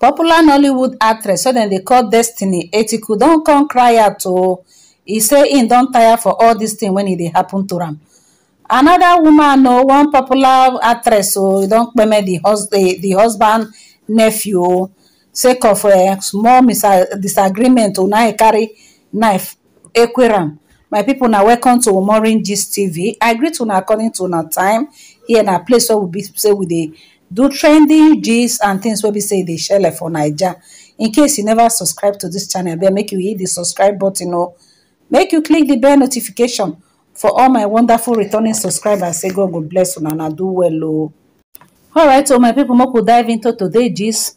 popular nollywood actress So then they call destiny etiku don come cry out oh. He say do don tire for all this thing when it happened happen to am Another woman oh, one popular actress So don't o don the eh, the husband nephew oh. sake of eh, small uh, disagreement o now e carry knife ekweram my people now welcome to omorin gist tv i greet una according to una time here a place where we be say with the. do trending gist and things wey be say e dey shele for naija in case you never subscribe to this channel abeg make you hit the subscribe button o make you click the bell notification for all my wonderful returning subscribers say god go bless una and do well o alright so my people, make we dive into today gist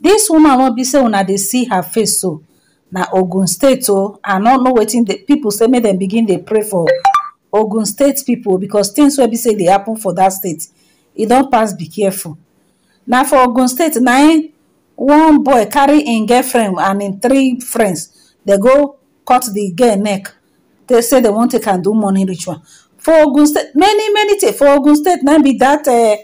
this woman wan be say una dey see her face so na ogun state o i no know wetin people say make dem begin dey pray for ogun state people because things wey be say dey happen for that state e don pass be careful na for ogun state na im one boy carry im girlfriend and im three friends dey go cut the girl neck they say they wan take am do morning ritual for ogun state many many things for ogun state na be dat uh,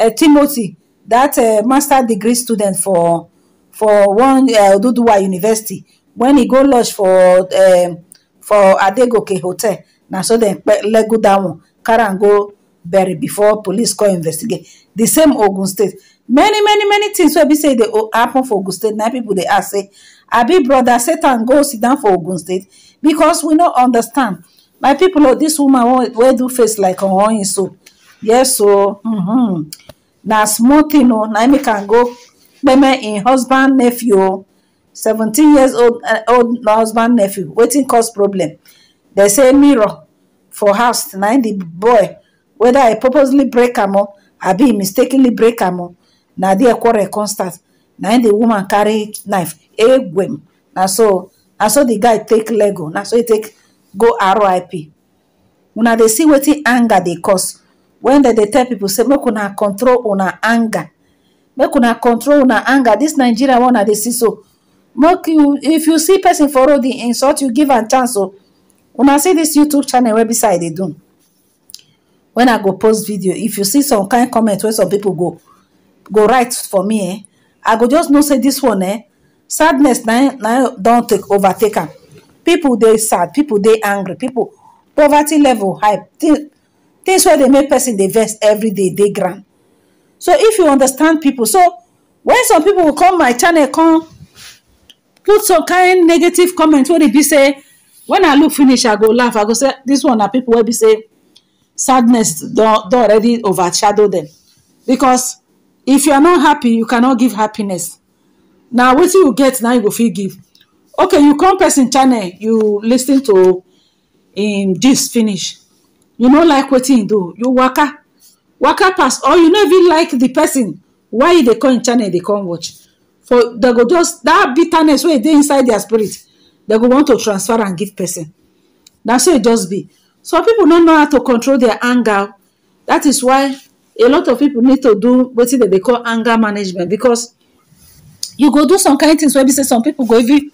uh, timothy dat uh, master degree student for for one oduduwa university When he go lodge for um, for adegoke hotel na so dem lego dat one carry am go bury before police come investigate the same ogun state many many many things. wey be say dey happen for ogun state na people they ask say abi broda satan go sit down for ogun state because we no understand my people oh this woman wey do face like a on so yes so o hmm na small thing, o na im can go kpeme in husband nephew o 17 years old eh, old husband nephew waiting cause problem They say mirror for house na the boy whether i purposely break am i abi mistakenly break am or na di ekwo start na im woman carry knife eegwem na so na so di guy take lego na so e take go rip. una dey see wetin anger dey cause wen dem dey tell pipo say make una control una anger make una control una anger dis nigeria one i dey see so make you if you see person for road insult you give am chance o una see dis youtube channel website e dey do. When i go post video if you see some kind comment where some people go go write for me eh i go just know say this one eh sadness don't take overtake am People they sad people they angry people poverty level high things where they make person they vex every day they grant. so if you understand people, so when some people will come my channel come put some kind negative comment what dey be say when i look finish i go laugh i go say this one na people will be say sadness don don already overshadow them, because if you are not happy you cannot give happiness Now, what you get now you go feel give okay you come person channel you listen to in gist finish you no like wetin he do you waka waka pass or you no even like the person why they come him channel they come watch for they go just that bitterness wey they inside their spirit they go want to transfer and give person na so it e just be some people don't know how to control their anger that is why a lot of people need to do what they call anger management because you go do some kind things where be say some people go even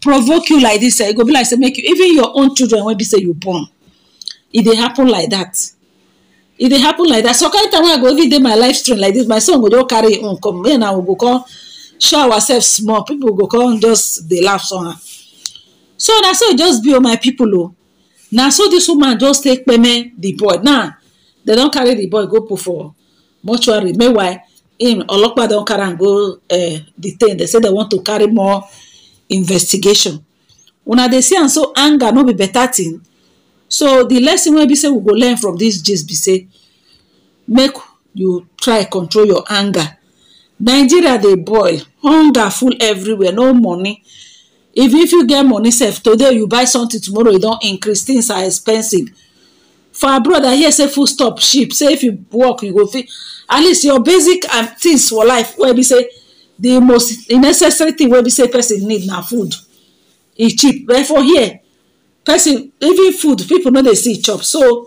provoke you like this eh go be like say make you even your own children when be say you born It they happen like that It they happen like that so kind time when i go every day my life stream like this my son go just carry on. come me and i go come show ourselves small people go come just they laugh somehow so that's so e just be on oh, my people o oh. na so this woman just take payment the boy now they don carry the boy go put for mortuary meanwhile im olopa don carry am go eh, detain They say they want to carry more investigation una dey see am so anger no be better thing. so the lesson wey be say we go learn from this. gist be say make you try control your anger nigeria dey boil hunger full everywhere no money if if you get money sef today you buy something tomorrow e don increase things are expensive for abroad i hear say full stop cheap say if you work you go fit at least your basic um, things for life wey be say the most necessary thing wey be say person need na food e cheap but for here person even food people no dey see e chop so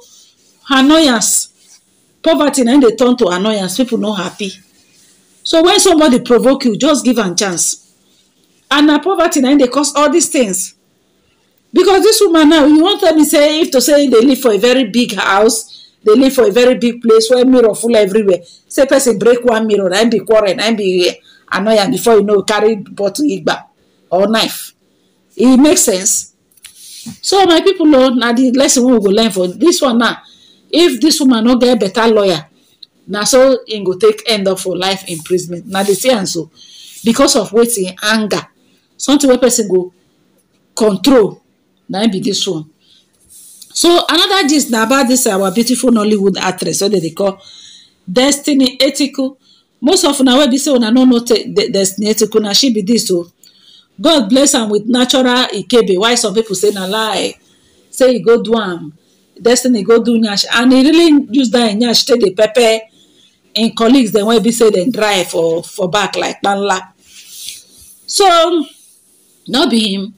annoyance poverty na dey turn to annoyance people no happy so when somebody provoke you just give am chance and na poverty na dey cause all dis tins. because dis woman now you wan tell me say if to say she dey live for a very big house dey live for a very big place wey mirror full everywhere say person break one mirror na im be quarrel na im be annoy am before you know carry bottle igba or knife. e make sense so my pipo know na di lesson wey we go learn for dis one now if dis woman no get beta lawyer na so im e go take end up for life imprisonment na di thing so because of wetin anger. something wey person go control na be dis one so another gist na about this our beautiful nollywood actress wey dem dey call destiny etiku most of una wey be say una no know destiny etiku na she be this o oh. god bless am with natural ikebe why some people say na lie say e go do am destiny go do nyash and e really use dat nyash take dey pepper im colleagues dem wey be say dem dry for for back like kpanla so not be him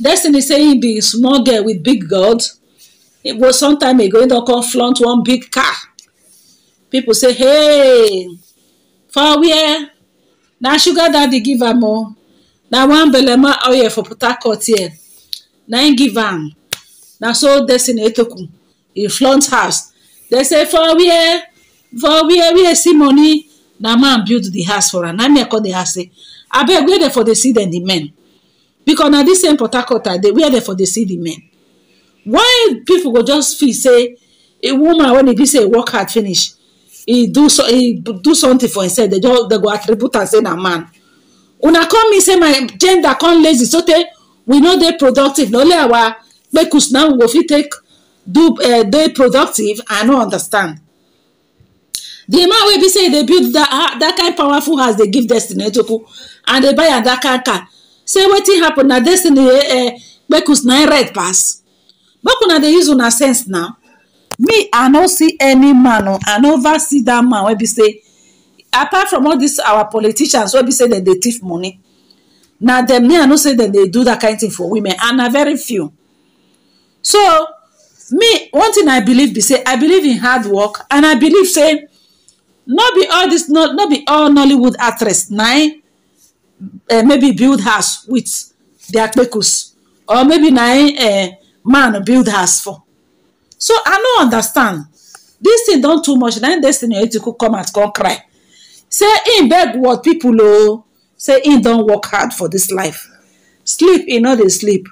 destiny saying the small girl with big god it was some time ago he don come flaunt one big car people say hey for where now? sugar daddy give her more. Now one belema oil for port harcourt here na give am Now so destiny etoku e flaunt house They say for where for where we see money Now man build the house for am na me i call the house say abeg where they for the seed and the men because na this same port harcourt where dem for dey see the men why people go just feel say a woman when e be say e work hard finish e do so e do something for himself dem go attribute am say na man una come mean say my gender come lazy so sotey we no dey productive na only our kpekus now we go fit take do eh, dey productive i no understand The man wey be say e dey build that ah, kind powerful house dey give destiny etoku and dey buy am that kind car say wetin happen na destiny eh, eh, kpekus na red pass make una dey use una sense now me i no see any man o oh, i no ever see that man wey be say apart from all this, our politicians wey be say dem dey thief money na dem me i no say dem dey do that kind thing for women and na very few so me one thing i believe be say i believe in hard work and i believe say no be all dis no be all nollywood actress na uh, maybe build house with their kpekus or maybe na uh, man build house for so i no understand This thing don too much na im destiny etiku come out come cry say im beg what people o say im don work hard for this life sleep e no dey sleep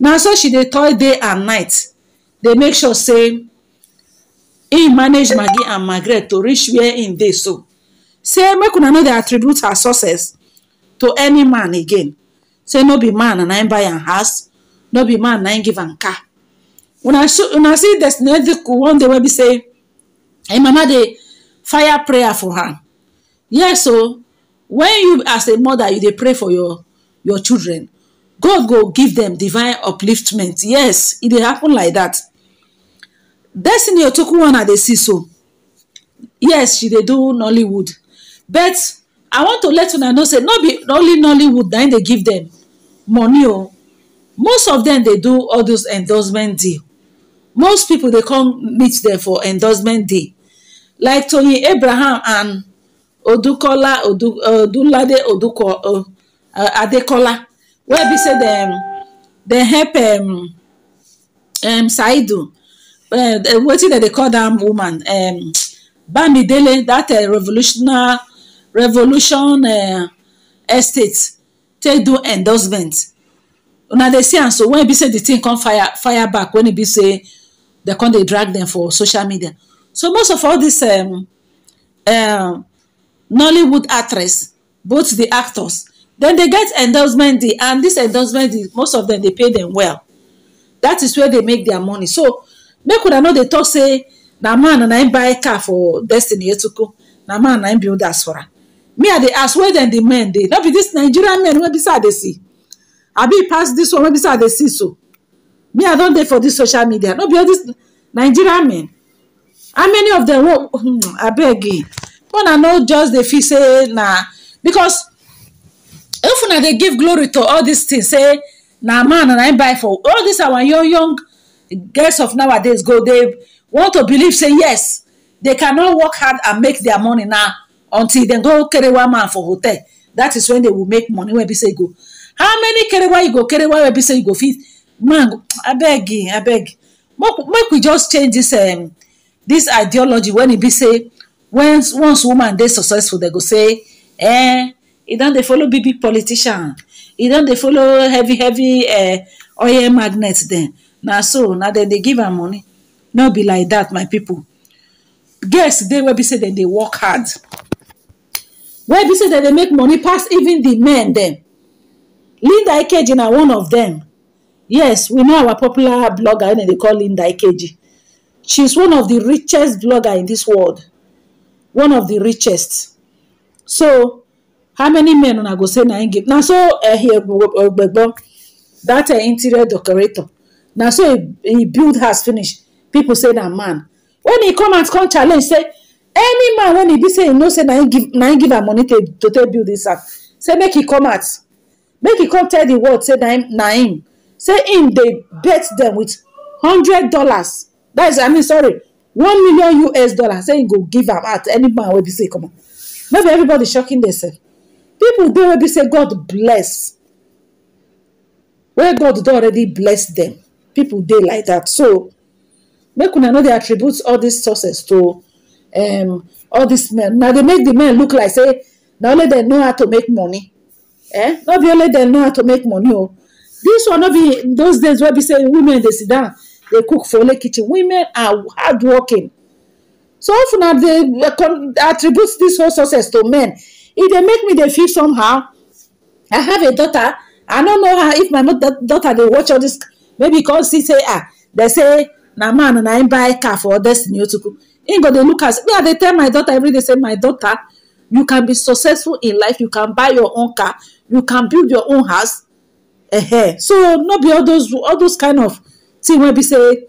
na so she dey toy day and night dey make sure say im manage maggie and margaret to reach where im dey so say make una no dey attribute her success to any man again say no be man na im buy am house no be man na im give am car una see destiny ediku one day wey be say im mama dey fire prayer for am yes so when you as a mother you dey pray for your your children god go give them divine upliftment yes e dey happen like that. destiny otoku one i dey see so yes she dey do nollywood but i want to let una know say no be only nollywood na im dey give dem money o most of dem dey do all those endorsement deal most pipo dey come meet dem for endorsement day like tony abraham and odukola odu odulade oduko uh, adekola wey be say dem dey help um, um, saidu um, wetin dem dey call dat woman um bamidele dat uh, revolutionary. revolution eh, estate take do endorsement una they see am so when e be say the thing come fire fire back when e be say they come they drag them for social media so most of all dis um, um, nollywood actress both the actors then they get endorsement The and this endorsement deal most of them they pay them well That is where they make their money so make I know they talk say na man na I buy car for destiny to go. na man na I build as for am me i dey ask where dem the men dey no be dis nigerian men wey be say i dey see abi pass dis one wey be say i dey see so me i don dey for dis social media no be all dis nigerian men how many of dem oh, hmm, abeg una eh. no just dey feel say na because if una dey give glory to all dis things say na man and i buy for all dis our young young girls of nowadays go dey want to believe say yes they cannot work hard and make their money na until dem go kerewa man for hotel that is when they will make money wey be say go how many kerewa you go kerewa wey be say you go fit man abeg abeg make we just change this um, this ideology when e be say once once woman dey successful dem go say eh e don dey follow big big politician e don dey follow heavy heavy uh, oil magnet dem na so na dem dey give am money no be like that, my people. girls dey wey be say dem dey work hard Where be say dem dey make money pass even di men dem linda ikeji na one of dem yes we know our popular blogger wey dem dey call linda ikeji She is one of the richest blogger in dis world one of the richest so how many men una go say na him give na so egbegbo eh, eh, dat eh, interior decorator na so he build house finish People say na man when he come out come challenge say any man wen he be say e know say na him give na him give am money to to take build dis house say make he come out. make he come tell di world say na him say him dey bet dem hundred $100 that is i mean sorry million us dollars say him go give am out any man wey be say come out no be everybody shock deysef pipo dey wey be say god bless. wey god don already bless dem pipo dey like dat so make una no dey attribute all dis success to. Um, all this men na dey make di men look like say na only dem know how to make money eh no be only dem know how to make money o oh. dis one no be those days wey be say women dey down dey cook for only kitchen women are hardworking so often ten dey attribute dis whole success to men e dey make me dey feel somehow i have a daughter i no know how if my daughter dey watch all this maybe because go see say ah dem say na man na im buy car for odesun university. him go dey look as me i dey tell my daughter every day say my daughter you can be successful in life you can buy your own car you can build your own house -huh. so no be all those all those kind of thing wey be say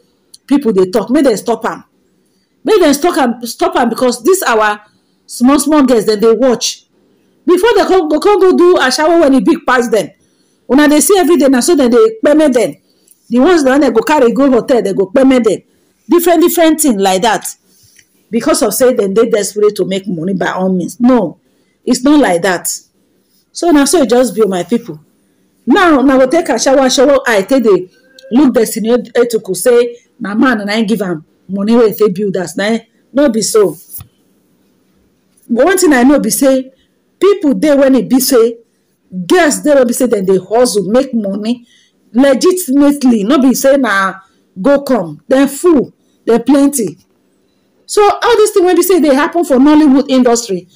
people dey talk make dem stop am make dem stop am because this our small small girls dem dey watch before dem go go do ashawo when e big pass dem una dey see every day na so dem dey kpeme dem the ones wey dem go carry go hotel dem go kpeme dem different different thing like that because of say dem dey desperate to make money by all means no it's not like that so na so e just be my people. now na go take ashawo ashawo eye take dey look destiny etuku say na man na im give am money wey e take build as na no be so but one thing i know be say people dey when e be say girls dey wey e be say dem dey hustle make money legitimately no be say na go come dem full dem plenty so all dis thing when be say they happen for nollywood industry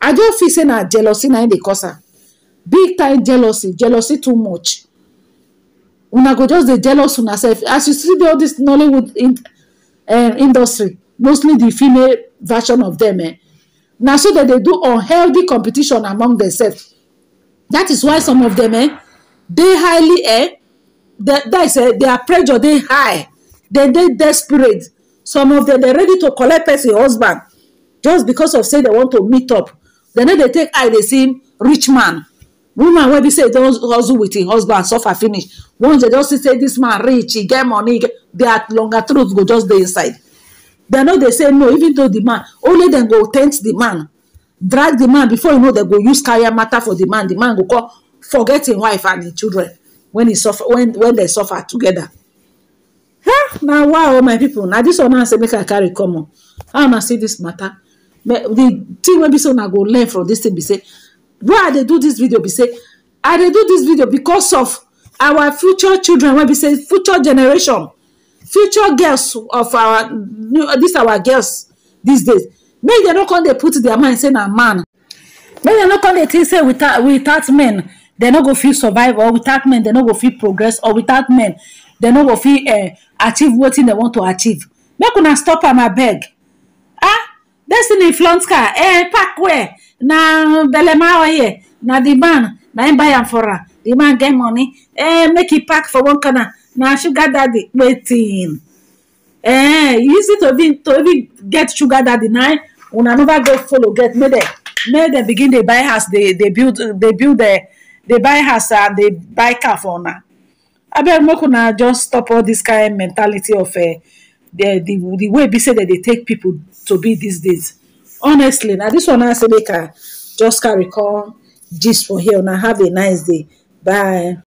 i just feel say na jealousy na in the cause am big time jealousy jealousy too much una go just the jealous una sef as you see all this nollywood eh, industry mostly the female version of them eh Now so that they do unhealthy competition among themselves that is why some of them eh they highly eh that that is eh their pressure they high they they desperate some of them dey ready to collect person husband just because of say they want to meet up Then they take eye they see rich man woman when they say don't hustle with your husband suffer finish once they just say this man rich he get money their longer truth go just dey inside dem know they say no even though the man only dem go tempt the man drag the man before you know they go use carry matter for the man The man go call forgetting wife and the children when he suffer when when they suffer together. Now why all my people? Now this one I say make i carry come on how una see this matter But the thing wey be now go learn from this thing be say why i dey do this video be say i they do this video because of our future children When we say future generation future girls of our this our girls these days make dem not come dey put their mind saying a man make dem not come dey think say without without men they're not go feel survive or without men they're not go feel progress or without men dem no go fit eh, achieve wetin dem want to achieve make una stop am abeg ah destiny front car eh, pack where na belema na man na im buy am for am di man get money eh make e pack for one corner na sugar daddy eh easy you even to even get sugar daddy na una never go follow get no dey make dem begin dey buy house dey build dey build eh, buy house and dey buy car for una. abeg make una just stop all dis kain mentality of eh, the the the way e be say that they take people to be these days honestly na this one i say make i just carry come gist for here una have a nice day bye